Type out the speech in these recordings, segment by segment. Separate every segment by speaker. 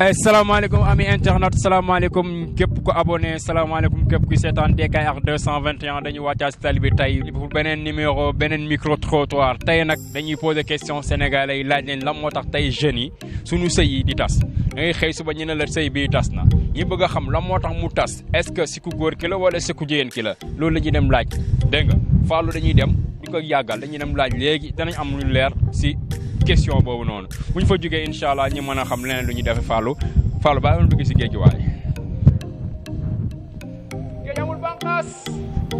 Speaker 1: Eh, salaamaaleykum ami internet salaamaaleykum képp ku abonné salaamaaleykum képp ku seetaan DKR 221 dañu wàccaa si tali bi tey pour beneen numéro beneen micro trottoir tey nag dañuy poser question sénégalais yi laaj leen lan moo tax tey jeunes yi suñu sëy yi di tas da ngay xëy suba ñu ne la sëy bii tas na ñi bëgg a xam lan moo tax mu tas est-ce que si ku góor ki wala si ku jigéen ki la loolu la ñuy dem laaj dégg nga dañuy dem di ko yàggal dañuy dem laaj léegi danañ am lu leer si question boobu noonu bu ñu fa jógee incha allah ñu mën a xam leneen lu ñu defee Fallou Fallou bàyyi woon dugg si géej gi waay.
Speaker 2: géej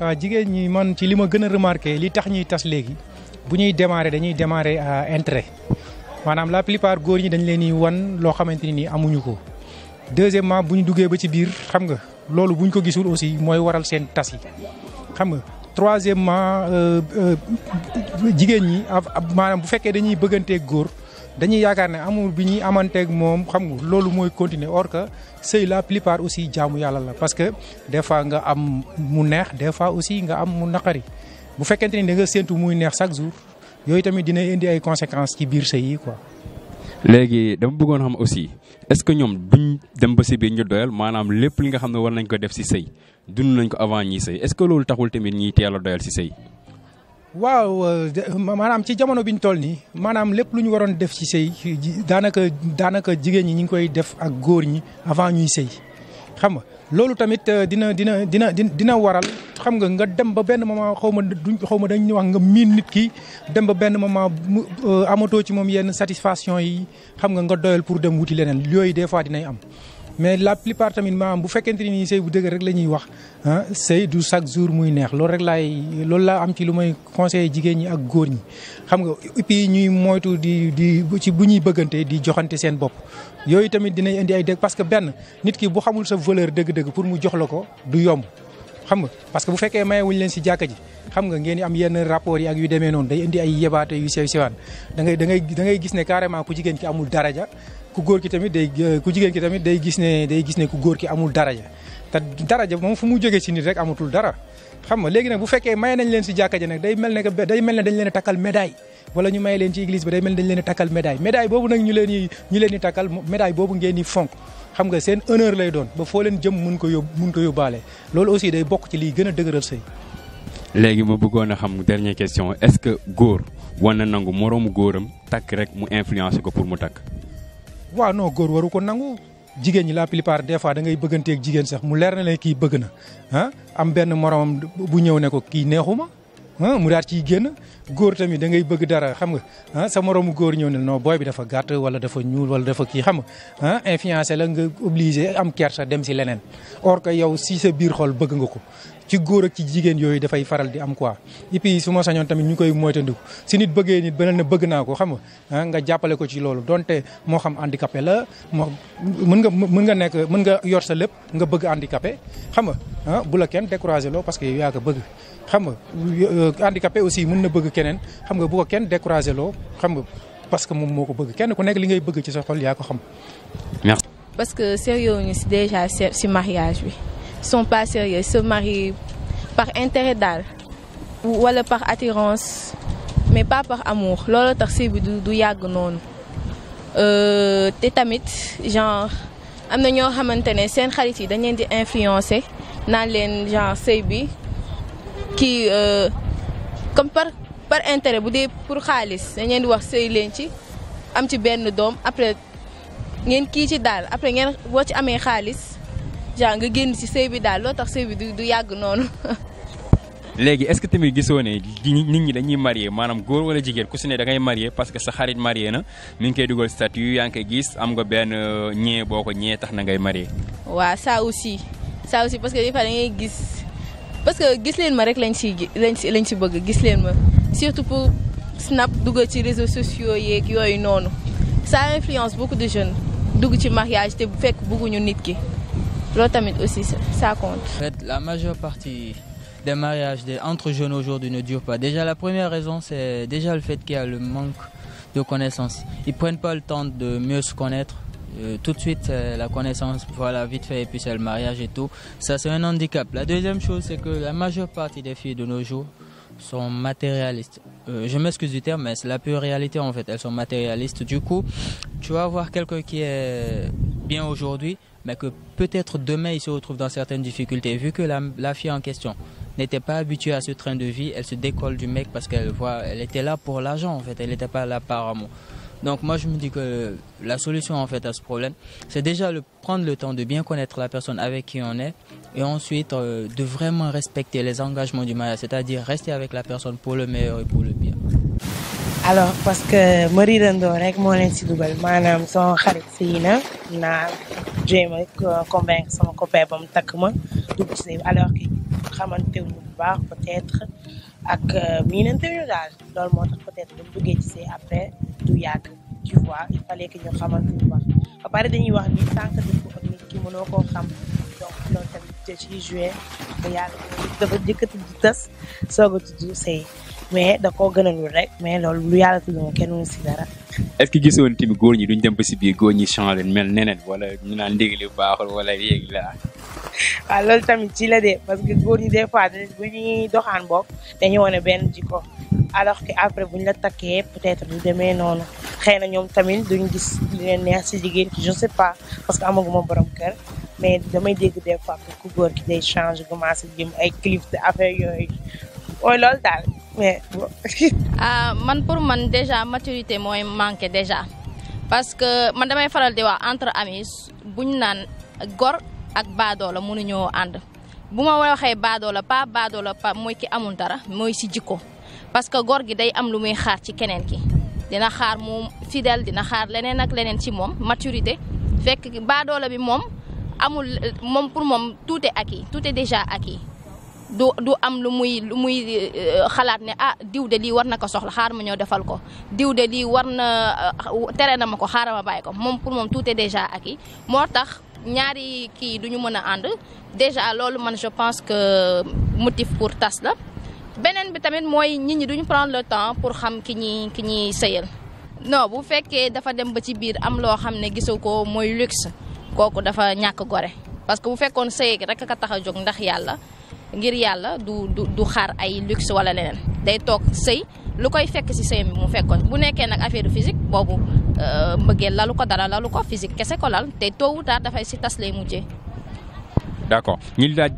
Speaker 2: waaw euh, jigéen ñi man ci li ma gën a remarqué li tax ñuy tas léegi bu ñuy démarrer dañuy démarrer à maanaam la plupart góor ñi dañ leen di wan loo xamante ni nii amuñu ko. deuxièmement bu ñu duggee ba ci biir xam nga loolu bu ñu ko gisul aussi mooy waral seen tas yi xam nga troisièmement euh, euh, jigéen ñi maanaam bu fekkee dañuy bëgganteeg góor. dañuy yaakaar ne amour bi ñuy amanteeg moom xam nga loolu mooy continuer or que sëy la plupart aussi jaamu yàlla la parce que des fois nga am mu neex des fois aussi nga am mu naqari bu fekkente ni da nga séntu muy neex chaque jour yooyu tamit dina indi ay conséquence ci biir sëy yi quoi.
Speaker 1: léegi dama bëggoon xam aussi est-ce que ñoom duñ dem ba si ñu doyal maanaam lépp li nga xam ne war nañ ko def si sëy dund nañ ko avant ñiy sëy est-ce que loolu taxul tamit ñiy teel a si sëy
Speaker 2: waaw euh, maanaam ci jamono bi ñu toll nii maanaam lépp lu ñu waroon def ci sëy daanaka daanaka jigéen ñi ñu ngi koy def ak góor ñi avant ñuy sëy xam nga loolu tamit euh, dina dina dina dina waral xam nga nga dem ba benn moment xaw ma duñ xaw ma dañuy wax nga miin nit ki dem ba benn moment euh, amatoo ci moom yenn satisfaction yi xam nga nga doyal pour dem wuti leneen yooyu des fois dinay am. mais la plupart tamit maanaam bu fekkente ni nii sëy bu dëgër rek la ñuy wax ah sëy du chaque jour muy neex loolu rek laay loolu laa am ci lu may conseillé jigéen ñi ak góor ñi xam nga et ñuy moytu di di ci bu ñuy bëggante di joxante seen bopp yooyu tamit dinañ indi ay dëgg parce que benn nit ki bu xamul sa valeur dëgg pour mu jox la ko du yomb xam nga parce que bu fekkee maye wuñ leen si jàkka ji xam nga ngeen am yenn rapport yi ak yu demee noonu day indi ay yebaate yu sew sewaan da ngay da ngay da gis ne carrément ku jigéen ki amul daraja ku góor ki tamit day euh, ku jigéen ki tamit day gis ne day gis ne ku góor ki amul daraja te daraja moom fu mu jógee si nit rek amatul dara xam nga léegi nag bu fekkee may nañ leen si jàkka ja nag day mel ne que day mel ne dañ leen a takkal médaille wala may leen ci église ba day mel ne dañ leen a takkal médaille médaille boobu nag ñu leen di ñu leen di takkal médaille boobu ngeen di fonk xam nga seen honneur lay doon ba foo leen jëm mun ko yób mun ko yóbbaale loolu aussi day bokk ci liy gën a dëgëral sëy
Speaker 1: léegi ma bëggoon a xam dernière question est-ce que góor war na nangu moroomu góoram takk rek mu influencé ko pour mu takk
Speaker 2: waaw non góor waru ko nangu jigéen ñi la plupart des fois dangay ngay bëgganteeg jigéen sax mu leer na la kii bëgg na ah am benn moroom bu ñëw ne ko kii neexuma ah, mu daal ciy génn góor tamit da ngay bëgg dara xam nga ah sa moromu góor ñëw ne non booy bi dafa gàtt wala dafa ñuul wala dafa kii xam nga ah influencé la nga obligé am kersa dem si leneen or que yow si sa biir xol bëgg nga ko ci góor ak ci jigéen yooyu dafay faral di am quoi et su ma sañoon tamit ñu koy moytandiku si nit bëggee nit beneen na bëgg naa ko xam nga ah, nga jàppale ko ci loolu donte moo xam handicapé la moo mën nga mën nga nekk mën nga yor sa lépp nga bëgg handicapé xam nga ah, bu la kenn découragé loo parce que yaa ko bëgg xam nga euh, handicapé aussi mën na bëgg keneen xam nga bu kenn découragé loo xam nga parce que moom moo ko bëgg kenn ku nekk li ngay bëgg ci sa xol yaa ko xam. merci.
Speaker 3: parce que sérieux ñu si déjà si mariage bi. sont pas sérieux se marient par intéret daal wala par attirance mais pas par amour looloo tax sëy bi du yàgg noonu euh, te tamit genre am na ñoo xamante ne seen xarit yi dañ leen di influencer naan leen genre sëy bi kii euh, comme par par intérêt bu dee pour xaalis dañ di wax sëy leen ci am ci benn doom après ngeen kii ci daal après ngeen boo ci amee xaalis. genre nga génn si sëy bi daal loo tax sëy bi du yàgg noonu.
Speaker 1: léegi est-ce que tamit gisoo ne nit ñi dañuy marié maanaam góor wala jigéen ku si ne da ngay parce que sa xarit marié na mi ngi koy dugal statut yaa ngi koy gis am nga benn ñee boo ko ñee tax na ngay marié.
Speaker 3: waaw ça aussi ça aussi parce que des fois da ngay gis parce que gis leen ma rek lañ si lañ si lañ si bëgg gis leen ma surtout pour snap dugal ci réseaux sociaux yeeg yooyu noonu saa influence beaucoup de jeunes dugg ci mariage te bu fekk bëgguñu nit ki. loolu tamit aussi ça compte. En
Speaker 4: fait la majeure partie des mariages des entre jeunes aujourd'hui ne dure pas déjà la première raison c'est déjà le fait qu'il y a le manque de connaissances ils prennent pas le temps de mieux se connaître. Euh, tout de suite euh, la connaissance voilà vite fait et puis c'est le mariage et tout ça c'est un handicap la deuxième chose c'est que la majeure partie des filles de nos jours sont matérialistes euh, je m'excuse du terme mais c'est la pure réalité en fait elles sont matérialistes du coup tu vas voir quelqu'un qui est bien aujourd'hui mais que peut-être demain ils se retrouvent dans certaines difficultés, vu que la, la en question n'était pas habituée à ce train de vie, elle se décolle du mec parce qu'elle était là pour l'argent en fait, elle pas là par amour. Donc je me dis que la solution en fait à ce problème, c'est déjà prendre le temps de bien connaître la personne avec qui on est et ensuite euh, de vraiment respecter les engagements du mariage, c'est-à-dire rester la personne pour le meilleur et pour le
Speaker 5: jéem a convaincre sama copain ba mu takk ma dugg si alors que xamante wu ñu bu baax peut-être ak euh, miinante wu ñu daal loolu moo tax peut-être bu ñu duggee ci sëy après du yàgg tu vois il fallait que ñu xamante bu baax ba pare dañuy wax ni tant que def ko ak ki mënoo koo xam donc loolu tamit da ciy joué ba yàlla dafa njëkk a tudd tas soog a tudd sëy mais da koo gënalul rek mais loolu lu yàlla tudd moom kenn mënu si dara.
Speaker 1: est-ce que gisoon tamit góor ñi duñ dem ba si biir góor ñi changé mel neneen wala ñu naan ndéeg li baaxul wala yéeg laa.
Speaker 5: Ah, waaw loolu tamit ci la dee parce que góor ñi des fois bu doxaan bokk dañu wane benn jiko alors que après bu ñu la takkee peut-être du demee noonu xëy na ñoom tamit duñ gis li leen neex si jigéen ki je pas parce que amaguma borom kër mais damay dégg des fois que ku góor ki day changé commencé jëm ay clip te affaire yooyu. mooy loolu daal
Speaker 6: ah, man pour man déjà maturité mooy manqué déjà parce que man damay faral di wax entre amis buñ naan gor ak baadoola mënuñoo ànd bu ma waxee baadoola pa baadoola pa mooy ki amul dara mooy si jikko parce que gor gi day am lu muy xaar ci keneen ki dina xaar mu fidèle dina xaar leneen ak leneen ci moom maturité fekk baadoola bi moom amul moom pour moom tout ak yi tout est déjà yi du du am lu muy lu muy euh, xalaat ne ah diw de lii war na ko soxla xaar ma ñoo defal ko diw de lii war na euh, tere na ma ko xaaral ma bàyyi ko moom pour moom tout est ak acquis moo tax ñaari kii du ñu mën a ànd déjà loolu man je pense que motif pour tas la beneen bi tamit mooy nit ñi duñu prendre le temps pour xam ki ñi ki ñuy sëyal non bu fekkee dafa dem ba ci biir am loo xam ne gisu ko mooy luxe kooku dafa ñàkk gore parce que bu fekkoon sëy rek ka tax a jóg ndax yàlla ngir yàlla du du du xaar ay luxe wala leneen day toog sëy lu koy fekk si sëyam mu fekkoon bu nekkee nag affaire physique boobu euh, mbëggeel lalu ko dara lalu ko physique kese ko lal te tôt ou tard dafay si tas lay mujjee.
Speaker 1: d' accord ñu laaj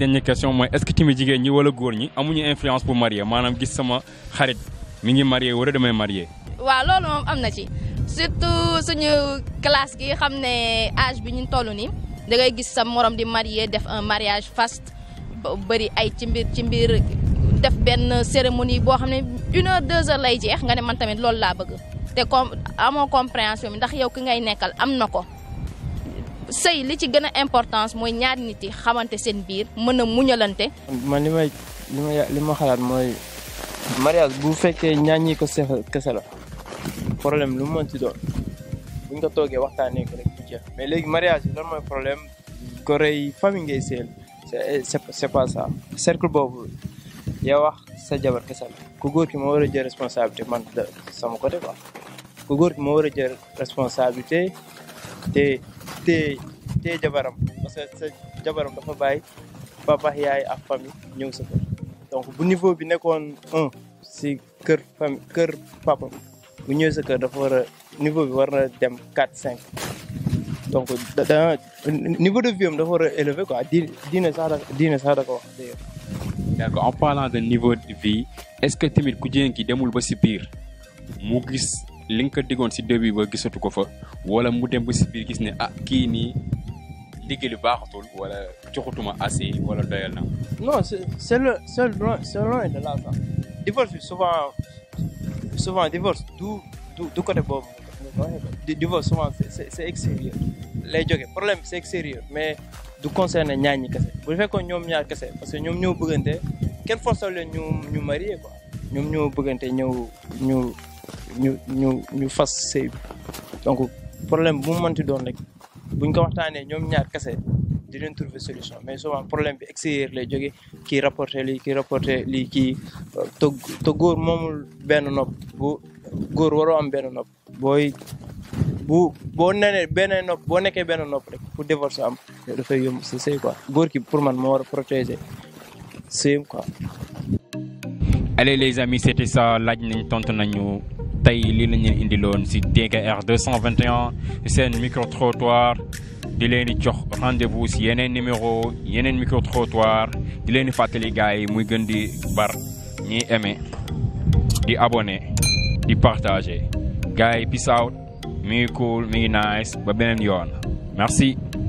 Speaker 1: mooy est jigéen ñi wala góor ñi amuñu influence pour marier maanaam gis sama xarit mi ngi marier wala damay marier.
Speaker 6: waaw loolu moom am na ci surtout suñu classe gi xam ne âge bi ñu toll nii da ngay gis sa morom di marier de un mariage bëri ay ci mbir ci mbir def benn cérémonie boo xam ne une heure deux heures lay jeex nga ne man tamit loolu laa bëgg te comme amoo compréhension bi ndax yow ki ngay nekkal am na ko sëy li ci gën a importance mooy ñaar nit yi xamante seen biir mën a muñalante.
Speaker 7: man li may li ma li xalaat mooy mariage bu fekkee ñaan ñi ko kese la problème lu mu mën ci doon buñ nga toogee waxtaanee ko rek du jeex mais léegi mariage lan mooy problème ko rey famille ngay c'est pas ça cercle boobu yow wax sa jabar kese la góor ki moo war a jël responsabilité man sama côté quoi ku ki moo war a jël responsabilité te te te jabaram parce que sa jabaram dafa bàyyi papa yaay ak famille ñëw sa donc bu niveau bi nekkoon un si kër famille kër papa bu ñëw sa kër dafa war niveau bi war na dem quatre cinq donc niveau de vie am dafa war a élevé quoi di diine sax wax dëgg
Speaker 1: d' accord en parlant de niveau de vie est ce que tamit ku jigéen ki demul ba si mu gis li nga ko diggoon si début ba gisatu ko fa wala mu dem ba si gis ne ah kii nii liggéey lu baaxatul wala joxutuma assez wala doyal na.
Speaker 7: non c' est est le c' divorce souvent divorce du du boobu. divorce souvent c'est extérieur lay jóge problème bi c'est extérieur mais du concerné ñaar ñi kese bu fekkoon ñoom ñaar kese parce que ñoom ñoo bëggante kenn force ñu ñu marié quoi ñoom ñoo bëggante ñëw ñu ñu ñu ñu fas sëy donc problème mu mënti doon rek buñ ko waxtaanee ñoom ñaar kese di trouver solution mais souvent problème bi extérieur lay jóge ki rapporté li kii rapporté lii kii te euh, te góor moomul benn nopp bu góor waroo am benn nopp booy boo nee benn nopp boo nekkee benn nopp rek pour divorce am dafay yomb sa sëy quoi ki pour man moo war a protéger sëyam quoi.
Speaker 1: allez les amis c'était laaj nañ tontu nañu tey lii la ñu indiloon si DKR 221 seen micro trottoir di leen di jox rendez-vous si yeneen numéro yeneen micro trottoir di leen di fàttali gars yi muy gën di bar ñiy aimer di abonné di partager. gars yi peace out mi ngi cool mi ngi nice ba beneen yoon merci